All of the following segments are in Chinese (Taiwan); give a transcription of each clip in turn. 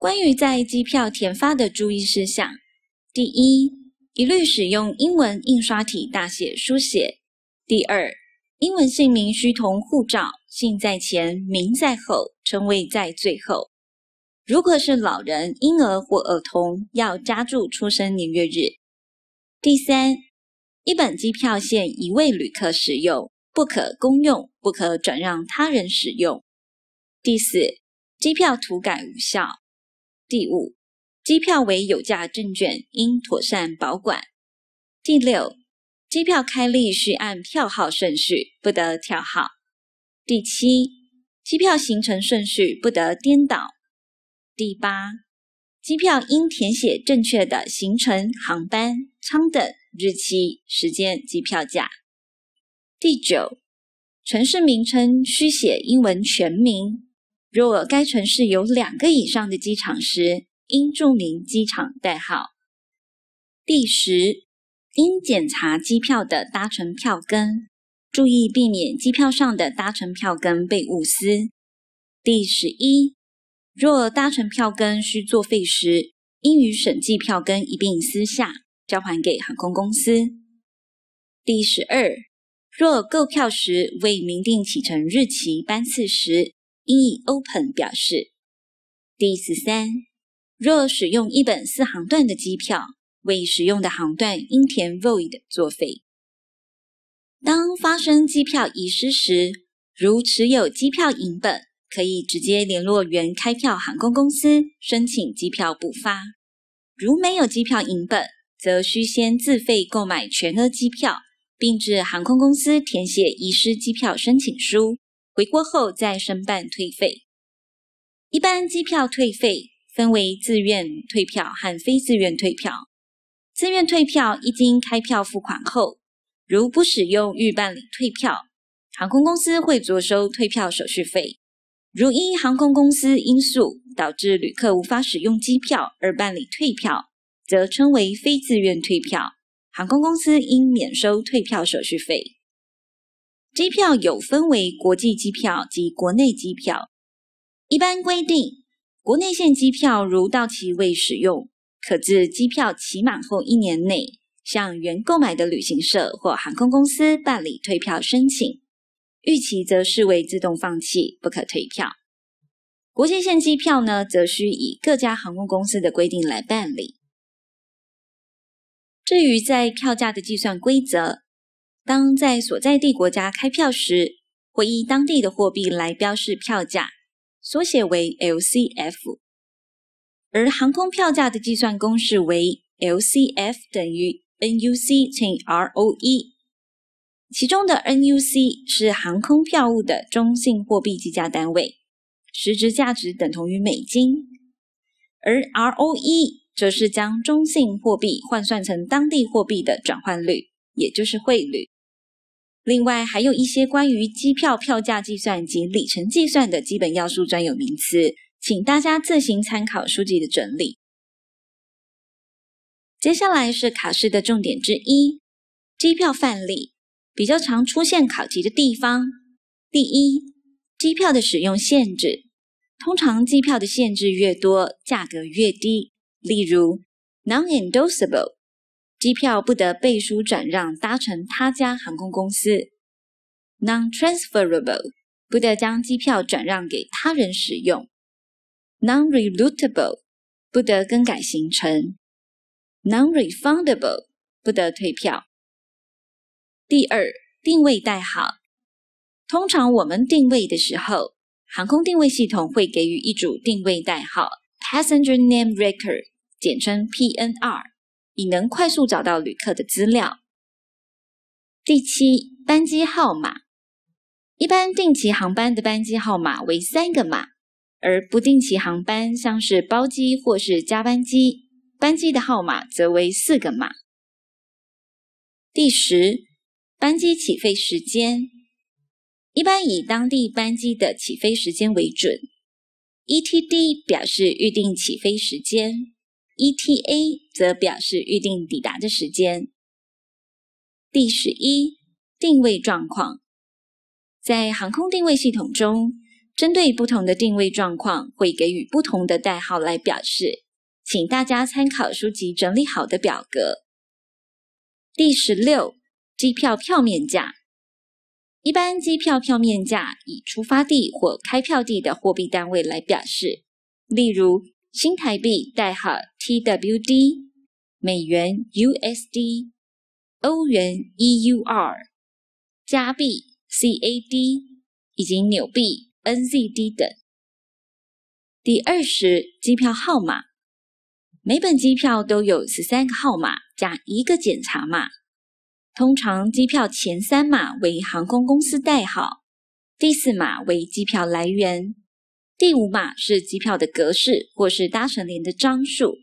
關於在機票填發的注意事項：第一，一律使用英文印刷體大寫書寫；第二，英文姓名需同護照，姓在前，名在後，稱謂在最後。如果是老人、嬰兒或兒童，要加注出生年月日。第三，一本機票限一位旅客使用，不可公用，不可轉讓他人使用。第四，機票塗改無效。第五，機票為有價證券，應妥善保管。第六，機票開立需按票號順序，不得跳號。第七，機票行程順序不得顛倒。第八，機票應填寫正確的行程、航班、艙等、日期、時間及票價。第九，城市名稱需寫英文全名。若該城市有兩個以上的機場時，應註明機場代號。第十，應檢查機票的搭乘票根，注意避免機票上的搭乘票根被誤撕。第十一，若搭乘票根需作廢時，應與審計票根一併撕下，交還給航空公司。第十二，若購票時未明定啟程日期班次時，應以 open 表示。第十三，若使用一本四航段的機票，未使用的航段應填 “void” 作廢。當發生機票遺失時，如持有機票影本，可以直接聯絡原開票航空公司申請機票補發；如沒有機票影本，則需先自費購買全額機票，並至航空公司填寫遺失機票申請書。回國後再申辦退費。一般機票退費分為自願退票和非自願退票。自願退票一經開票付款後，如不使用，欲辦理退票，航空公司會酌收退票手續費。如因航空公司因素導致旅客無法使用機票而辦理退票，則稱為非自願退票，航空公司應免收退票手續費。機票有分為國際機票及國內機票。一般規定，國內線機票如到期未使用，可自機票期滿後一年內，向原購買的旅行社或航空公司辦理退票申請；逾期則視為自動放棄，不可退票。國際線機票呢，則需以各家航空公司的規定來辦理。至於在票價的計算規則。當在所在地國家開票時，會以當地的貨幣來標示票價，縮寫為 LCF。而航空票價的計算公式為 LCF 等於 NUC 乘 ROE，其中的 NUC 是航空票務的中性貨幣計價單位，實質價值等同於美金，而 ROE 則是將中性貨幣換算成當地貨幣的轉換率，也就是匯率。另外還有一些關於機票票價計算及里程計算的基本要素專有名詞，請大家自行參考書籍的整理。接下來是考試的重點之一——機票範例，比較常出現考題的地方。第一，機票的使用限制，通常機票的限制越多，價格越低。例如，non-endorsable。Non 機票不得背書轉讓搭乘他家航空公司，non-transferable，不得將機票轉讓給他人使用；non-reroutable，不得更改行程；non-refundable，不得退票。第二，定位代號。通常我們定位的時候，航空定位系統會給予一組定位代號，passenger name record，簡稱 PNR。以能快速找到旅客的資料。第七，班機號碼，一般定期航班的班機號碼為三個碼，而不定期航班像是包機或是加班機，班機的號碼則為四個碼。第十，班機起飛時間，一般以當地班機的起飛時間為準，ETD 表示預定起飛時間。ETA 則表示預定抵達的時間。第十一，定位狀況。在航空定位系統中，針對不同的定位狀況，會給予不同的代號來表示。請大家參考書籍整理好的表格。第十六，機票票面價。一般機票票面價以出發地或開票地的貨幣單位來表示，例如。新台幣代號 TWD，美元 USD，歐元 EUR，加幣 CAD，以及紐幣 NZD 等。第二十，機票號碼，每本機票都有十三個號碼加一個檢查碼。通常機票前三碼為航空公司代號，第四碼為機票來源。第五碼是機票的格式，或是搭乘聯的張數，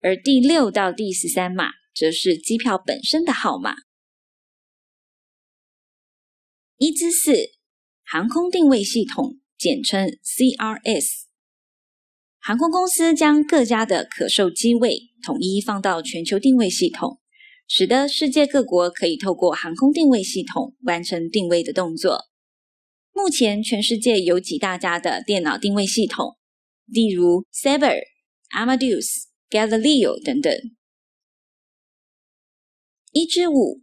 而第六到第十三碼則是機票本身的號碼。一之四，航空定位系統，簡稱 CRS。航空公司將各家的可售機位統一放到全球定位系統，使得世界各國可以透過航空定位系統完成定位的動作。目前全世界有幾大家的電腦定位系統，例如 Sabre Amadeus、Galileo 等等。一至五，5，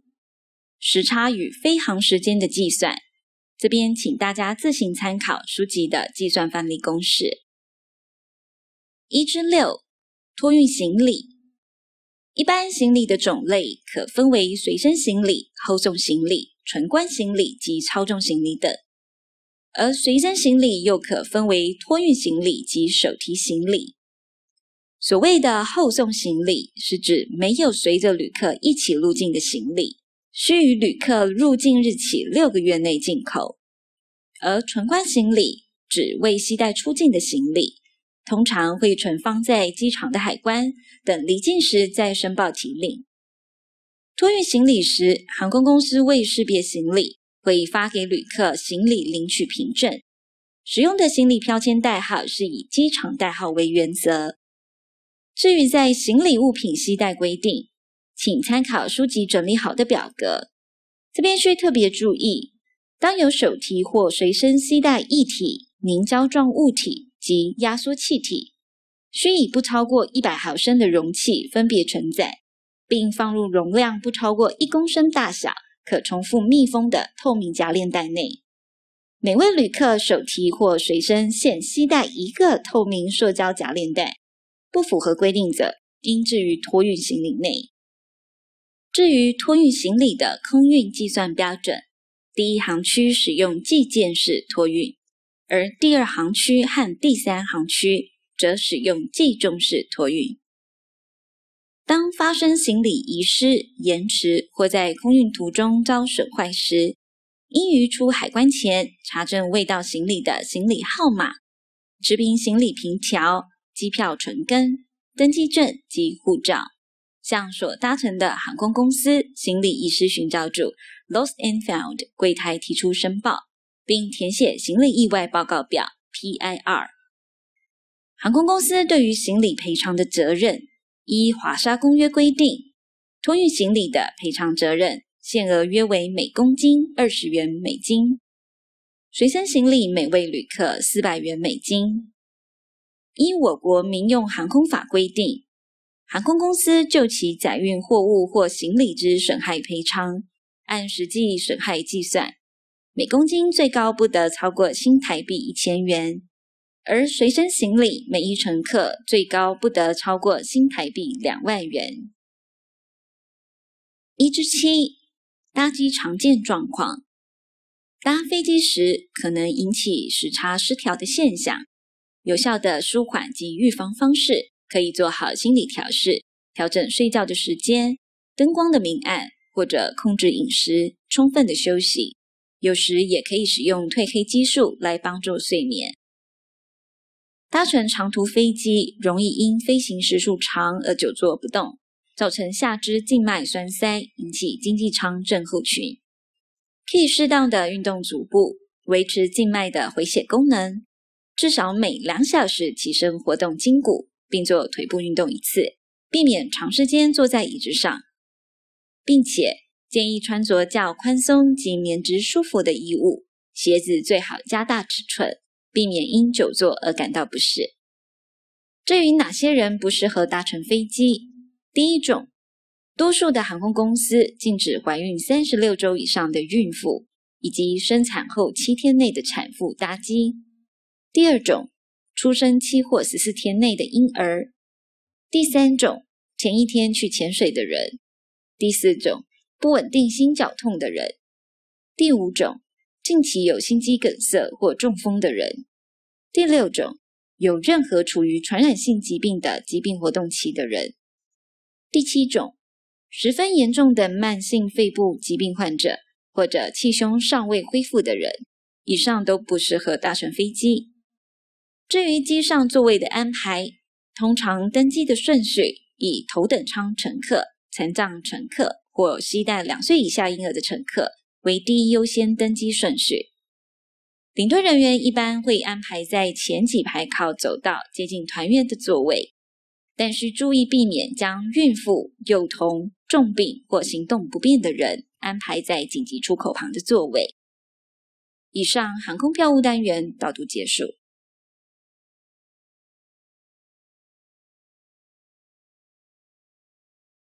時差與飛行時間的計算，這邊請大家自行參考書籍的計算範例公式。一至六，6，託運行李，一般行李的種類可分為隨身行李、後送行李、純關行李及超重行李等。而隨身行李又可分為托運行李及手提行李。所謂的後送行李，是指沒有隨着旅客一起入境的行李，須於旅客入境日起六個月內進口。而存關行李指未攜帶出境的行李，通常會存放在機場的海關，等離境時再申報提領。托運行李時，航空公司為識別行李。會發給旅客行李領取憑證。使用的行李標籤代號是以機場代號為原則。至於在行李物品攜帶規定，請參考書籍整理好的表格。這邊需特別注意，當有手提或隨身攜帶液體、凝膠狀物體及壓縮氣體，需以不超過一百毫升的容器分別承載，並放入容量不超過一公升大小，可重複密封的透明夾鏈袋內，每位旅客手提或隨身限攜帶一個透明塑膠夾鏈袋，不符合規定者應置於託運行李內。至於託運行李的空運計算標準，第一航區使用計件式託運，而第二航區和第三航區則使用計重式託運。當發生行李遺失、延遲或在空運途中遭損壞時，應於出海關前查證未到行李的行李號碼，持憑行李憑條、機票存根、登機證及護照，向所搭乘的航空公司行李遺失尋找組 （Lost and Found） 櫃檯提出申報，並填寫行李意外報告表 （PIR）。航空公司對於行李賠償的責任，依《華沙公約》規定，托運行李的賠償責任限額約為每公斤二十元美金；隨身行李每位旅客四百元美金。依我國《民用航空法》規定，航空公司就其載運貨物或行李之損害賠償，按實際損害計算，每公斤最高不得超過新台幣一千元。而隨身行李，每一乘客最高不得超過新台幣兩萬元。一至七，搭機常見狀況。搭飛機時可能引起時差失調的現象，有效的舒緩及預防方式可以做好心理調試，調整睡覺的時間、燈光的明暗，或者控制飲食、充分的休息。有時也可以使用褪黑激素來幫助睡眠。搭乘長途飛機容易因飛行時數長而久坐不動，造成下肢靜脈栓塞，引起經濟艙症候群。可以適當的運動足部，維持靜脈的回血功能。至少每兩小時起身活動筋骨，並做腿部運動一次，避免長時間坐在椅子上。並且建議穿着較寬鬆及棉質舒服的衣物，鞋子最好加大尺寸。避免因久坐而感到不適。至於哪些人不適合搭乘飛機，第一種，多數的航空公司禁止懷孕三十六週以上的孕婦以及生產後七天內的產婦搭機；第二種，出生七或十四天內的嬰兒；第三種，前一天去潛水的人；第四種，不穩定心絞痛的人；第五種。近期有心肌梗塞或中風的人，第六種，有任何處於傳染性疾病的疾病活動期的人，第七種，十分嚴重的慢性肺部疾病患者或者氣胸尚未恢復的人，以上都不適合搭乘飛機。至於機上座位的安排，通常登機的順序以頭等艙乘客、殘障乘客或攜帶兩歲以下嬰兒的乘客。為第一優先登機順序，領隊人員一般會安排在前幾排靠走道、接近團員的座位，但是注意避免將孕婦、幼童、重病或行動不便的人安排在緊急出口旁的座位。以上航空票務單元導讀結束。